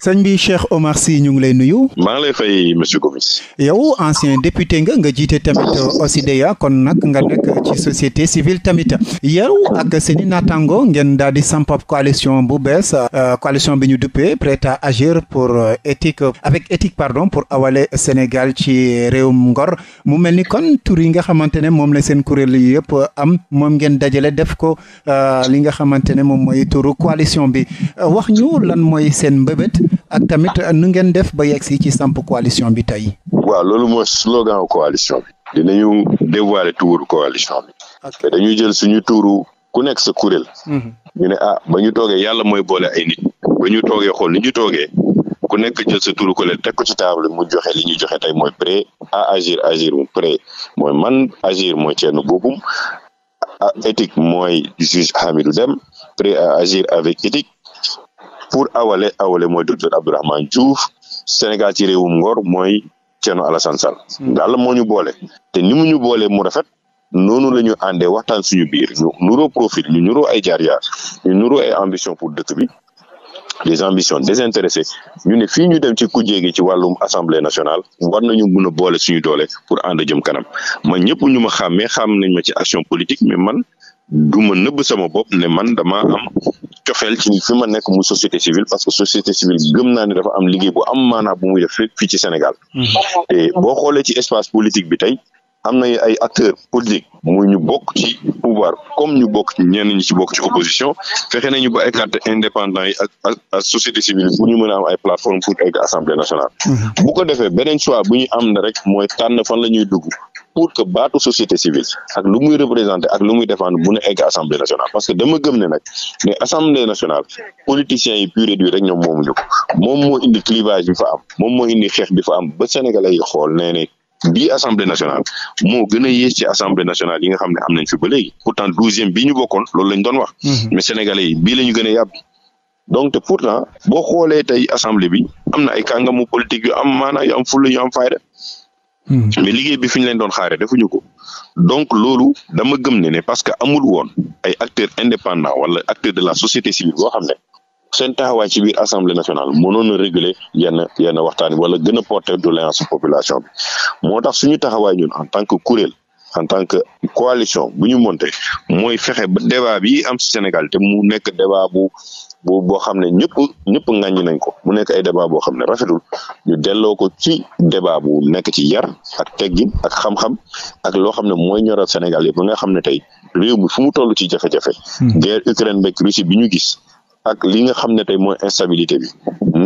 sëñ mbi Cheikh Omar Sy ñu ngi lay nuyu. maa ngi lay fay monsieur Gomis. yow ancien député nga nga jiite tamit euh, OSIDEA kon nag nga nekk ci société civile tamit yow ak seeni naataango ngeen daal di samp ab coalition bu bees euh, coalition bi ñu duppee prête à agir pour euh, éthique avec éthique pardon pour awale Sénégal ci réewum ngor mu mel ni kon tur yi nga xamante ne moom la seen kuréel yëpp am moom ngeen dajale def ko li nga xamante ne moom mooy turu coalition bi wax ñu lan mooy seen mbëbët. ak tamit nu ngeen def ba yegg si ci samp coalition bi tey. waaw loolu mooy slogan coalition bi. dinañu dévoiler tuuru coalition bi. te dañuy jël suñu tuuru ku nekk sa kuréel. Mhm. ñu ne ah ba ñu toogee yàlla mooy boole ay nit. ba ñu toogee xool ni ñu toogee. ku nekk jël sa turu ko leen teg ko ci table mu joxe li ñu joxe tey mooy pré à agir agir mu pré mooy man agir mooy Thierno Bocoum ah, éthique mooy juge Hamidou Dème pré à agir avec éthique pour awale awale mooy docteur Abdourahmane Diouf Sénégal ci réewum ngor mooy Thierno Alassane Sall daal hmm. moo ñu boole te ni mu ñu boolee mu rafet noonu lañu ñu àndee waxtaan suñu biir ñu nuroo profil ñu nuroo ay jaar-jaar ñu nuroo ay ambition pour dëkk bi des ambitions désintéressées ñu ne fii ñu dem ci ku gi ci wàllum assemblée nationale war nañu mun a boole suñu doole pour ànd jëm kanam man ñëpp ñu ma xàmmee xam nañ ma ci action politique mais man du ma nëbb sama bopp ne man dama am cofeel ci fi ma nekk mu société civile parce que société civile gëm naa ne dafa am liggéey bu am maanaa bu muy ci Sénégal mm-hmm. boo xoolee ci espace politique bi tey am na ay acteurs politiques muy ñu bokk ci pouvoir comme ñu bokk ñenn ñi ci bokk ci opposition fexe nañu ba écarter indépendant yi ak société civile bu ñu mën a am ay plateforme pour egg assemblée nationale mm-hmm. bu defee beneen choix bu ñu am na rek mooy tànn fan la dugg pour que baatu société civile ak lu muy représenter ak lu muy défendre bu egg assemblée nationale parce que dama gëm ne nag assemblée nationale politiciens yi pur et rek ñoom moomuñu ko moom moo indi clivage bi fa am moom moo indi xeex bi fa am ba sénégalais yi xool nee ne assemblée nationale moo gën a assemblée nationale yi nga xam ne am nañ fi ba léegi douzième bii ñu bokkoon loolu lañ doon wax mhm. mais yi bii la ñu gën a donc te pourtant boo Hmm. mais liggéey bi fi ñu leen doon xaaree defuñu ko donc loolu dama gëm ne ne parce que amul woon ay acteur indépendant wala acteurs de la société civile boo xam ne seen taxawaay ci biir assemblée nationale mënoon a réguler yenn yenn waxtaan yi wala gën a porter doléance population bi moo tax suñu taxawaay ñun en tant que kuréel en tant que coalition bu ñu monté mooy fexe ba débat bi am ci Sénégal te mu nekk débat bu bu boo xam ne ñëpp ñëpp ŋàññi nañ ko mu nekk ay débat boo xam ne rafetul ñu delloo ko ci débat bu nekk ci yar ak teggin ak xam-xam ak loo xam ne mooy ñoral Sénégal yëpp nga xam ne tey réew mi fu mu toll ci jafe-jafe. Hmm. guerre Ukraine beeg Russie bi ñu gis. ak li nga xam ne tey mooy instabilité bi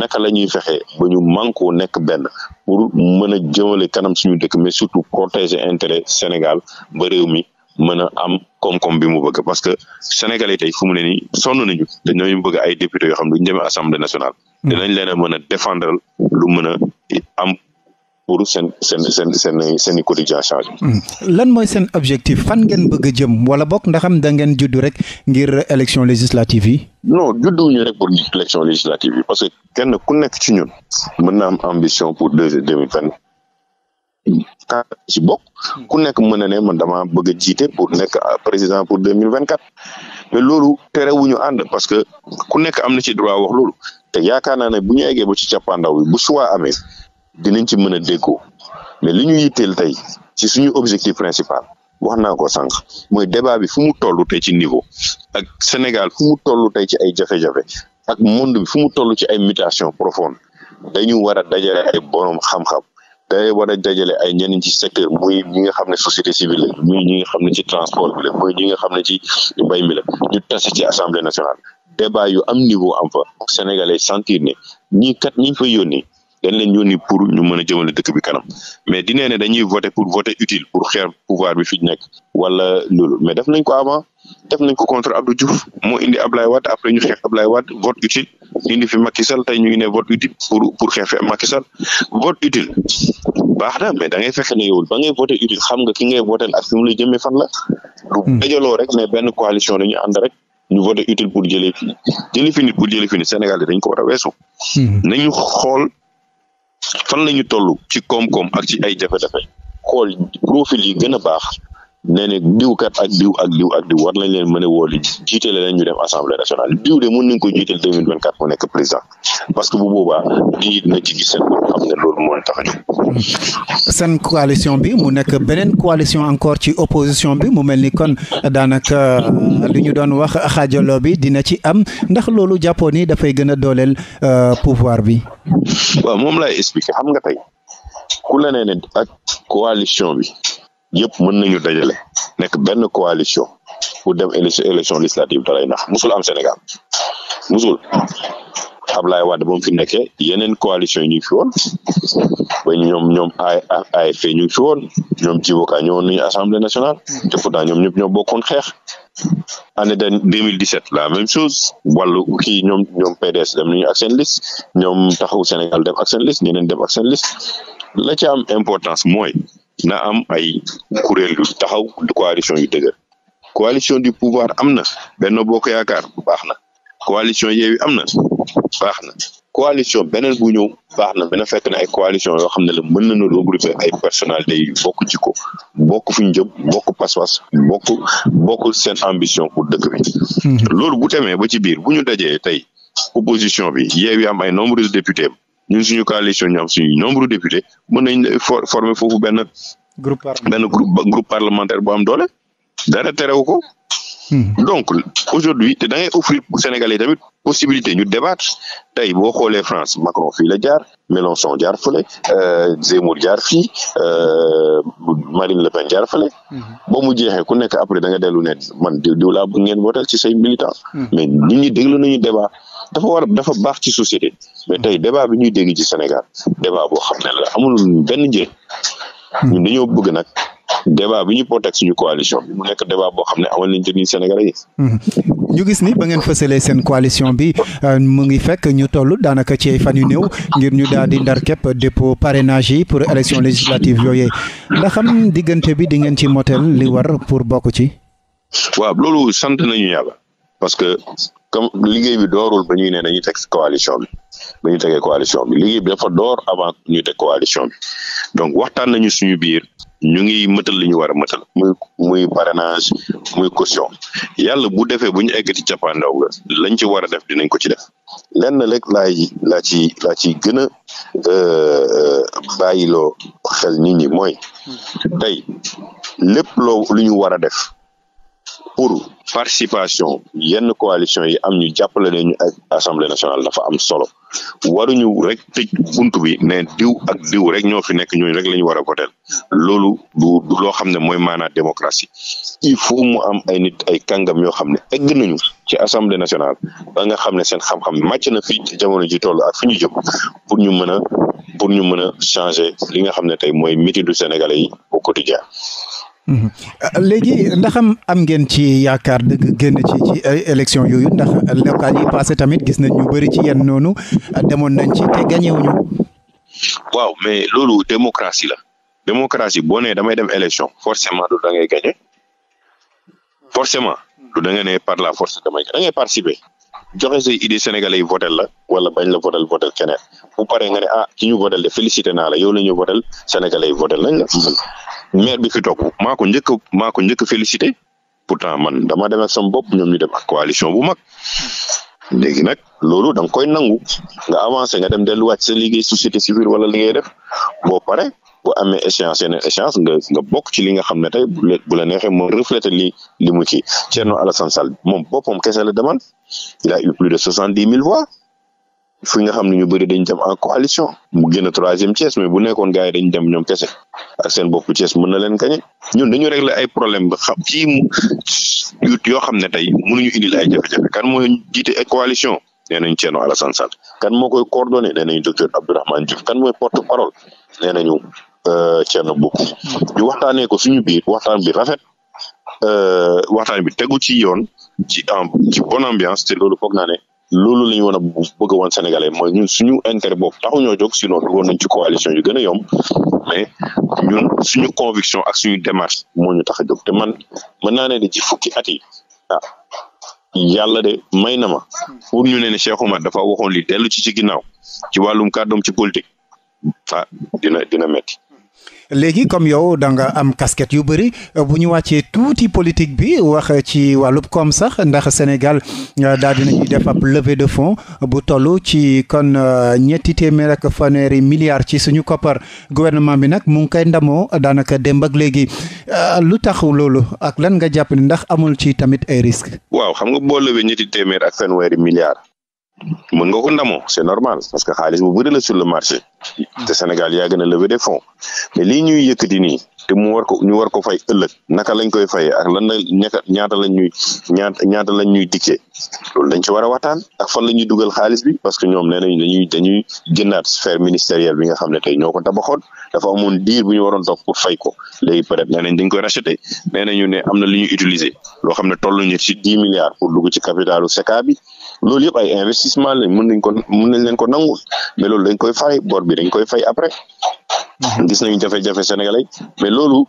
naka la ñuy fexe ba ñu mànkoo nekk benn pour mën a jëmale kanam suñu dëkk mais surtout protéger intérêt Sénégal ba réew mi mën a am koom-koom bi mu bëgg parce que sénégalais tey fu mu ne nii sonn nañu dañoo bëgg ay député yoo xam ne duñ demee assemblée nationale. Hmm. dinañ leen a mën a défendre lu mën a am pour seen seen seen seen seen i quotidien yi hmm. lan mooy seen objectif fan ngeen bëgg a jëm wala bokk ndax am da ngeen juddu rek ngir élection législative yi. non judduwuñu rek pour élection législative yi parce que kenn ku nekk ci ñun mën na am ambition pour deux mille vingt ci bokk hmm. ku nekk mën na ne man dama bëgg a jiite pour nekk président pour deux mille vingt quatre mais loolu terewuñu ànd parce que ku nekk am na ci droit wax loolu te yaakaar naa ne bu ñu eggee ba ci cappaandaw bu choix amee dinañ ci mën a déggoo mais li ñu yiteel tey ci suñu objectif principal wax naa ko sànq mooy débat bi fu mu toll tey ci niveau ak Sénégal fu mu tey ci ay jafe-jafe ak monde bi fu mu toll ci ay mutation profonde dañu war a dajale ay borom xam day war a dajale ay ñeneen ci secteur muy ñi nga xam ne société civile muy ñi nga xam ne ci transport bi la muy ñi nga xam ne ci mbay mi la ñu tase ci assemblée nationale débat yu am niveau am fa sénégalais sentir ne ñii kat ñi fay yónni dañ leen yónni pour ñu mën a jëmale dëkk bi kanam mais di ne dañuy voter pour voter utile pour xeer pouvoir bi fi nekk wala loolu mais def nañ ko avant def nañ ko contre Abdou Diouf moo indi Ablaye Wade après ñu xeex Ablaye Wade vote utile indi fi Macky Sall tey ñu ngi ne vote utile pour pour xeex Macky Sall vote utile baax na mais da ngay fexe ne yow ba ngay voté utile xam nga ki ngay voté a fi mu la fan la. du hmm. dajaloo rek ne benn coalition ñu ànd rek ñu voté util pour jëlee fi jëlee fi nit pour jëlee fi nit Sénégal dañ ko war a weesu. Hmm. nañu xool fan lañu ñu toll ci koom-koom ak ci ay jafe-jafe xool profil yi gën a baax. nee ne diwkat ak diw ak diw ak diw war nañ leen mën a wooli jiitale leen ñu dem assemblée nationale diw de mën nañ ko jiital deux mille vingt mu nekk président parce que bu boobaa nit ñi dina ci gis seen bopp xam ne loolu moo tax bi mu nekk beneen coalition encore ci opposition bi mu mel ni kon daanaka euh, li ñu doon wax xaajaloo bi dina ci am ndax loolu jàppoo nii dafay gën a dooleel euh, pouvoir bi. waaw moom laay expliquer xam nga tey ku la nee ne ak coalition bi. yëpp mën nañu dajale nekk benn coalition pour dem élection élection législative dalay nax musul am Sénégal musul Ablaye Wade ba mu fi nekkee yeneen coalition yi ñu ngi fi woon ba ñoom ñoom AFP ñu ngi fi woon ñoom Djiboka ñëwoon nañu assemblée nationale te pourtant ñoom ñëpp ñoo bokkoon xeex année de 2017 la même chose wàllu kii ñoom ñoom PDS dem nañu ak seen liste ñoom taxawu Sénégal dem ak seen liste dem ak seen liste la ci am importance mooy. na am ay kuréel yu taxaw coalition yu dëgër coalition du pouvoir am na Benno Bokk Yaakaar baax na coalition Yewwi am na baax na coalition beneen bu ñëw baax na dina fekk ne ay coalition yoo xam ne la mën na nañu regrouper ay personnalités yu bokk ci ko bokk fu ñu jëm bokk pas-pas bokk bokk seen ambition pour dëkk bi. Mhm. loolu bu demee ba ci biir bu ñu dajee tey opposition bi Yewwi am ay nombreux députés ñun suñu coalition ñu am suñu nombre de députés mën nañ for former foofu benn. groupe benn groupe groupe parlementaire bu am doole. dara terewu ko. Hmm. donc aujourd'hui te da ngay offrir Sénégalais tamit possibilité ñu débattre tey boo xoolee France Macron fii la jaar Mélenchon jaar fële euh, Zemmour jaar fii euh, Marine Le Pen jaar fële. Hmm. ba mu jeexee ku nekk après da nga dellu ne man diw gen laa bëgg ngeen wooteel ci say militant hmm. mais nit ñi nañu débat. dafa war dafa baax ci société mais tey débat bi ñuy dégg ci Sénégal débat boo xam ne la amul benn njëriñ hmm. ñun dañoo bëgg nag débat bi ñu protège suñu coalition bi mu nekk débat boo xam ne amal nañ njëriñ Sénégalais yi. Hmm. ñu gis ni ba ngeen fësalee seen coalition bi euh, mu ngi fekk ñu toll daanaka ci fan yu néew ngir ñu daal di ndar képp dépôt parrainage yi pour élection législative yooyee ndax xam diggante bi di ngeen ci motel li war pour bokk ci. waaw loolu sant nañu yàlla comme liggéey bi doorul ba ñuy ne dañuy teg coalition bi ba ñu tegee coalition bi liggéey bi dafa door avant ñu teg coalition bi donc waxtaan nañu suñu biir ñu ngi mëtal li ñu war a mëtal muy muy parrainage muy caution yàlla bu defee bu ñu egg ci cappaandaw ga lañ ci war a def dinañ ko ci def lenn lekk laay laa ci laa ci gën a euh, bàyyiloo xel nit ñi mooy tey lépp loo lu ñu war a def pour participation yenn coalition yi am ñu jàppale nañu ñu ak assemblée nationale dafa am solo waruñu rek tëj bunt bi ne diw ak diw rek ñoo fi nekk ñooñu rek la ñu war a voter loolu du loo xam ne mooy maanaam démocratie il faut mu am ay nit ay kàngam yoo xam ne egg nañu ci assemblée nationale ba nga xam ne seen xam màcc na fii ci jamono ji toll ak fi ñu jëm pour ñu mën a pour ñu mën a changer li nga xam ne tey mooy métier du sénégalais yi au quotidien Mhm. Euh, léegi ndax am ngeen ci yaakaar dëgg génn ci ci élection yooyu ndax local yi passé tamit gis nañ ñu bëri ci yenn noonu euh, demoon nañ ci te gagné wuñu waaw mais loolu démocratie la démocratie boo nee damay dem élection forcément du da ngay gagné forcément du da nga par la force damay da ngay participer joxe say idée sénégalais yi votel la wala bañ la votel votel keneen bu paree nga ne ah ki ñu votel de félicité naa la yow la ñu votel sénégalais yi votel nañ la maire bi fi toog maa ko njëkk maa ko njëkk félicité pourtant man dama dem ak sama bopp ñoom ñu dem ak coalition bu mag léegi nag loolu da koy nangu nga avancé nga dem delluwaat sa liggéey société civile wala li ngay def boo pare bu amee échéance yeneen échéance nga nga bokk ci li nga xam ne tey bu la xe moom reflété li li mu kii Thierno Alassane Sall moom boppam kese la demal il a eu plus de soixante dix mille voix fi nga xam ne ñu bëri dañ dem en coalition mu génn troisième Thiès mais bu nekkoon gars yi dañ dem ñoom kese ak seen bopp Thiès mën na leen kañe ñun ñu regle ay problème ba xam kii yoo xam ne tey mënuñu indil ay jafe-jafe kan moo jiite coalition nee nañ Thierno Alassane Sall kan moo koy coordonné nee nañu docteur Abdourahmane Diouf kan mooy porte parole nee nañu euh, Thierno Bocoum ñu waxtaanee ko suñu biir waxtaan bi rafet euh, waxtaan bi tegu ci yoon ci ci bonne ambiance te loolu foog naa ne loolu la ñu war a bëgg a wan Sénégalais mooy ñun suñu intérêt boobu taxu ñoo jóg sinon duggoon nañ ci coalition yu gën a yomb mais ñun suñu conviction ak suñu démarche moo ñu tax a jóg te man mën naa ne ci fukki at yi ah de may na ma pour ñu ne ne Cheikh Oumar dafa waxoon li dellu ci ci ginnaaw ci wàllum kàddoom ci politique ah dina dina métti léegi comme yow da nga am casquette yu bëri bu ñu wàccee tuuti politique bi wax ci wàllub koom sax ndax Sénégal euh, daal dinañuy def ab levée de fonds bu tollu ci kon euh, ñetti téeméer ak fanweeri milliards ci suñu koppar gouvernement bi nag mu ngi koy ndamoo daanaka démb ak léegi euh, lu tax loolu ak lan nga jàpp ni ndax amul ci tamit ay risques. waaw xam nga boo lewee ñetti téeméer ak fanweeri milliards. mën nga ko ndamoo c'est normal parce que xaalis bu bëri la sur le marché te Sénégal yaa gën a lever des fonds mais lii ñuy yëkkati nii te mu war ko ñu war ko fay ëllëg naka lañ koy fayee ak lan la ñaata lañ ñuy ñaata ñaata lañ ñuy dikkee loolu dañ ci war a waxtaan ak fan la ñuy dugal xaalis bi parce que ñoom nee nañ dañuy dañuy génnaat sphère ministérielle bi nga xam ne tey ñoo ko tabaxoon dafa amoon diir bu ñu waroon toog pour fay ko léegi peut être nee nañ dañ koy racheter nee nañu ne am na lu ñu utiliser loo xam ne toll ñu ci dix milliards pour dugg ci capitalu SECA bi loolu yëpp ay investissement lañ mën nañ ko mën nañ leen ko nangul mais loolu dañ koy fay bor bi dañ koy fay après Mhm. gis nañu jafe-jafe sénégalais mais loolu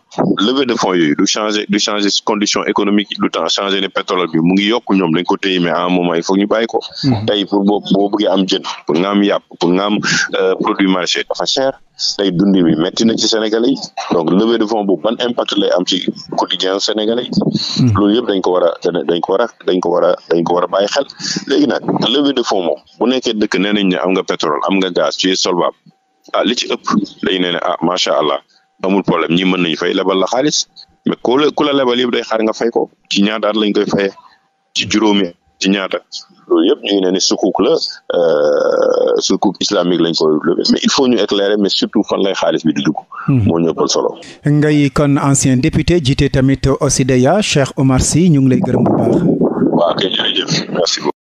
levée de fonds yooyu du changer condition économique du temps changer ne pétrole bi mu ngi yokk ñoom dañ ko téye mais à un moment il faut ñu bàyyi ko mhm. tey pour boo am jën pour nga am yàpp pour nga am euh, produit marché dafa cher tey dundi bi métti na ci sénégalais yi donc levée de fonds boobu ban impact lay am ci quotidien sénégalais yi mhm. loolu yëpp dañ ko war a dañ ko war a dañ ko war dañ ko war a bàyyi xel léegi nag levée de fonds moom bu nekkee dëkk nee nañ ne am nga pétrole am nga gaz tu es solvable a ah, li ci ëpp dañu ne ne ah macha allah amul problème ñi mën nañu fay lebal la xaalis mais ku la lebal yëpp day xaar nga fay ko ci ñaata lañ koy fayee ci juróomi ci ñaata loolu yëpp ñu ngi ne ne sukuk la euh, sukuk islamique lañ ko mais il faut ñu éclairer mais surtout fan lay xaalis bi di dugg. Hmm. moo solo. ngay kon ancien député jiite tamit aussi OSIDEA Cheikh Omar Sy ñu ngi lay gërëm bu baax.